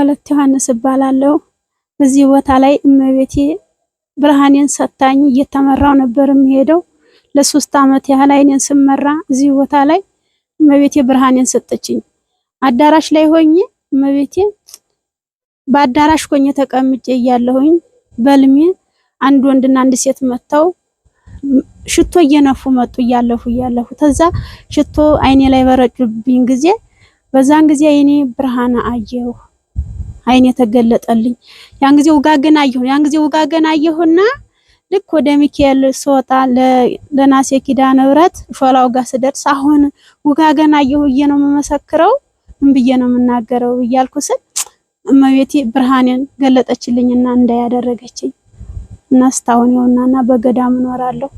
ሁለት ዮሐንስ እባላለሁ። በዚህ ቦታ ላይ እመቤቴ ብርሃኔን ሰታኝ እየተመራው ነበር የሚሄደው ለሶስት አመት ያህል አይኔን ስመራ እዚህ ቦታ ላይ እመቤቴ ብርሃኔን ሰጠችኝ። አዳራሽ ላይ ሆኜ እመቤቴ በአዳራሽ ሆኜ ተቀምጬ እያለሁኝ በልሜ አንድ ወንድና አንድ ሴት መጥተው ሽቶ እየነፉ መጡ እያለፉ እያለፉ ተዛ ሽቶ አይኔ ላይ በረጩብኝ ጊዜ በዛን ጊዜ አይኔ ብርሃን አየሁ። አይን የተገለጠልኝ ያን ጊዜ ውጋገን አየሁ። ያን ጊዜ ውጋገን አየሁና ልክ ወደ ሚካኤል ስወጣ ለናሴ ኪዳነ ምህረት ሾላው ጋር ስደርስ አሁን ውጋገን አየሁ ብዬ ነው የምመሰክረው፣ ምን ብዬ ነው የምናገረው እያልኩ ስል እመቤቴ ብርሃኔን ገለጠችልኝና እንዳያደረገችኝ እና እስካሁን ይኸውናና በገዳም እኖራለሁ።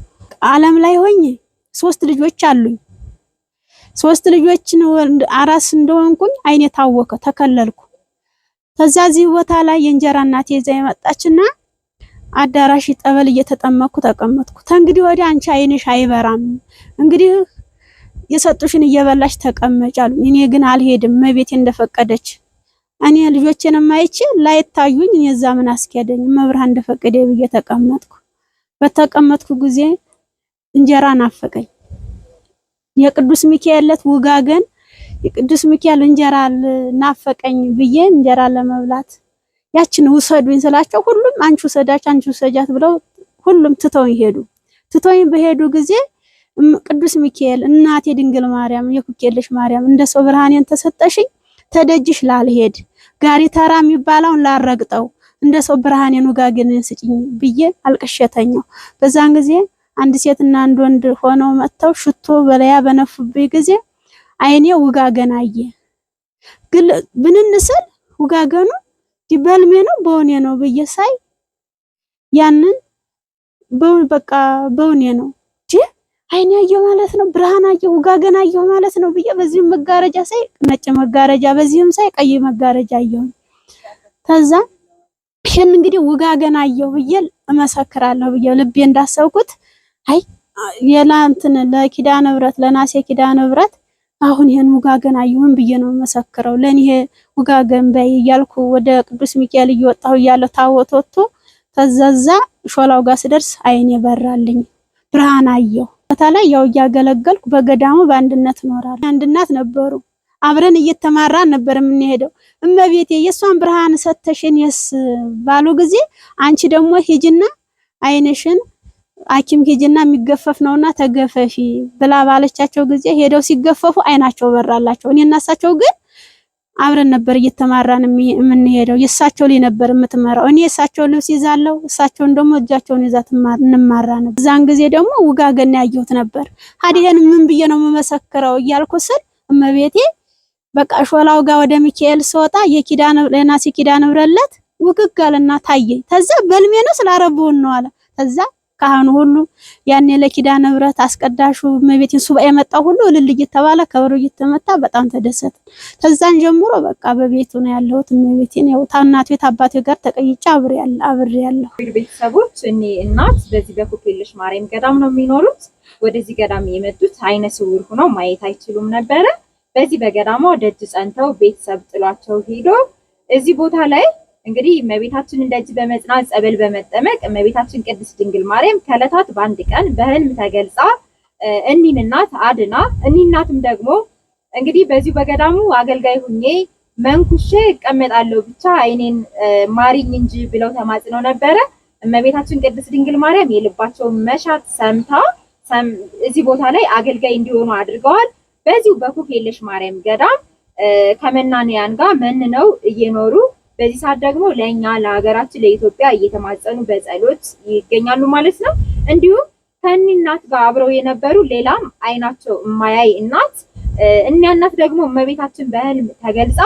ዓለም ላይ ሆኜ ሶስት ልጆች አሉኝ። ሶስት ልጆችን አራስ እንደሆንኩኝ አይኔ ታወከ፣ ተከለልኩ። ከዛ እዚህ ቦታ ላይ የእንጀራ እናቴ ይዛ የመጣችና አዳራሽ ጠበል እየተጠመኩ ተቀመጥኩ። ከእንግዲህ ወዲህ አንቺ አይንሽ አይበራም፣ እንግዲህ የሰጡሽን እየበላሽ ተቀመጭ አሉ። እኔ ግን አልሄድም መቤቴ እንደፈቀደች እኔ ልጆቼን ማይቼ ላይታዩኝ እኔ እዛ ምን አስኬደኝ መብርሃን እንደፈቀደ ብዬ ተቀመጥኩ። በተቀመጥኩ ጊዜ እንጀራ ናፈቀኝ። የቅዱስ ሚካኤል ዕለት ውጋገን የቅዱስ ሚካኤል እንጀራ ናፈቀኝ ብዬ እንጀራ ለመብላት ያችን ውሰዱኝ ስላቸው ሁሉም አንቺ ውሰዳች አንቺ ውሰጃት ብለው ሁሉም ትተውኝ ሄዱ። ትተውኝ በሄዱ ጊዜ ቅዱስ ሚካኤል እናቴ ድንግል ማርያም የኩኬልሽ ማርያም እንደ ሰው ብርሃኔን ተሰጠሽኝ ተደጅሽ ላልሄድ ጋሪ ተራ የሚባለውን ላረግጠው እንደ ሰው ብርሃኔን ውጋግን ስጭኝ ብዬ አልቅሸተኛው። በዛን ጊዜ አንድ ሴትና አንድ ወንድ ሆነው መጥተው ሽቶ በለያ በነፉብኝ ጊዜ አይኔ ውጋገን አየ። ብንን ስል ውጋገኑ በህልሜ ነው በውኔ ነው ብዬ ሳይ ያንን በቃ በውኔ ነው እንጂ አይኔ አየሁ ማለት ነው፣ ብርሃን አየሁ፣ ውጋገን አየሁ ማለት ነው ብዬ በዚህም መጋረጃ ሳይ ነጭ መጋረጃ፣ በዚህም ሳይ ቀይ መጋረጃ አየሁ። ከዛ ይህን እንግዲህ ውጋገን አየሁ ብዬ እመሰክራለሁ ብዬ ልቤ እንዳሰብኩት አይ የላንትን ለኪዳነ ምህረት ለናሴ ኪዳነ ምህረት አሁን ይሄን ሙጋገን አየሁም ብዬ ነው መሰክረው ለኔ ይሄ ሙጋገን በይ እያልኩ ወደ ቅዱስ ሚካኤል እየወጣሁ እያለ ታቦት ወጥቶ ተዛዛ ሾላው ጋር ስደርስ አይኔ በራልኝ፣ ብርሃን አየሁ። ቦታ ላይ ያው እያገለገልኩ በገዳሙ በአንድነት እኖራለሁ። አንድ እናት ነበሩ። አብረን እየተማራን ነበር የምንሄደው። እመቤቴ የእሷን ብርሃን ሰተሽን የስ ባሉ ጊዜ አንቺ ደግሞ ሂጅና አይንሽን ሐኪም ሂጂና የሚገፈፍ ነውና ተገፈፊ ብላ ባለቻቸው ጊዜ ሄደው ሲገፈፉ አይናቸው በራላቸው። እኔ እናሳቸው ግን አብረን ነበር እየተማራን የምንሄደው። የእሳቸው ላይ ነበር የምትመራው። እኔ የእሳቸው ልብስ ይዛለው፣ እሳቸውን ደግሞ እጃቸውን ይዛ እንማራ ነበር። እዛን ጊዜ ደግሞ ውጋገና ያየሁት ነበር። ሀዲህን ምን ብዬ ነው የምመሰክረው እያልኩ ስል እመቤቴ በቃ ሾላው ጋር ወደ ሚካኤል ስወጣ የኪዳን ለናሲ ኪዳን ብረለት ውግጋልና ታየኝ። ተዛ በልሜ ነው ስላረቡን ነው አለ ተዛ ካህኑ ሁሉ ያኔ ለኪዳ ንብረት አስቀዳሹ እመቤቴን ሱባኤ የመጣው ሁሉ እልል እየተባለ ከበሮ እየተመታ በጣም ተደሰተ። ከዛን ጀምሮ በቃ በቤቱ ነው ያለሁት። እመቤቴን ያው ታናት ቤት አባቴ ጋር ተቀይጫ አብሬ ያለ አብሬ ያለሁ ቤተሰቦች እኔ እናት በዚህ በኮክሌለሽ ማርያም ገዳም ነው የሚኖሩት። ወደዚህ ገዳም የመጡት አይነ ስውር ሆነው ማየት አይችሉም ነበረ። በዚህ በገዳማው ደጅ ጸንተው ቤተሰብ ጥሏቸው ሄዶ እዚህ ቦታ ላይ እንግዲህ እመቤታችን እንደዚህ በመጽናት ጸበል በመጠመቅ እመቤታችን ቅድስት ድንግል ማርያም ከዕለታት በአንድ ቀን በህልም ተገልጻ እኒን እናት አድና እኒ እናትም ደግሞ እንግዲህ በዚሁ በገዳሙ አገልጋይ ሁኜ መንኩሼ እቀመጣለሁ ብቻ አይኔን ማሪኝ እንጂ ብለው ተማጽነው ነበረ። እመቤታችን ቅድስት ድንግል ማርያም የልባቸውን መሻት ሰምታ እዚህ ቦታ ላይ አገልጋይ እንዲሆኑ አድርገዋል። በዚሁ በኩክ የለሽ ማርያም ገዳም ከመናንያን ጋር መንነው እየኖሩ በዚህ ሰዓት ደግሞ ለእኛ ለሀገራችን ለኢትዮጵያ እየተማጸኑ በጸሎት ይገኛሉ ማለት ነው። እንዲሁም ከኒህ እናት ጋር አብረው የነበሩ ሌላም አይናቸው የማያይ እናት እኒያ እናት ደግሞ እመቤታችን በህልም ተገልጻ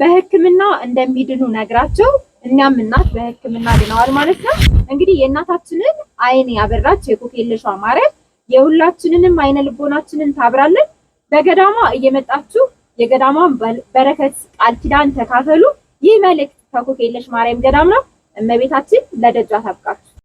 በሕክምና እንደሚድኑ ነግራቸው እኛም እናት በሕክምና ድነዋል ማለት ነው። እንግዲህ የእናታችንን አይን ያበራች የኮኬለሿ ማርያም የሁላችንንም አይነ ልቦናችንን ታብራለን። በገዳማ እየመጣችሁ የገዳማን በረከት ቃል ኪዳን ተካፈሉ። ይህ መልእክት ከኮክ የለሽ ማርያም ገዳም ነው። እመቤታችን ለደጇ ታብቃችሁ።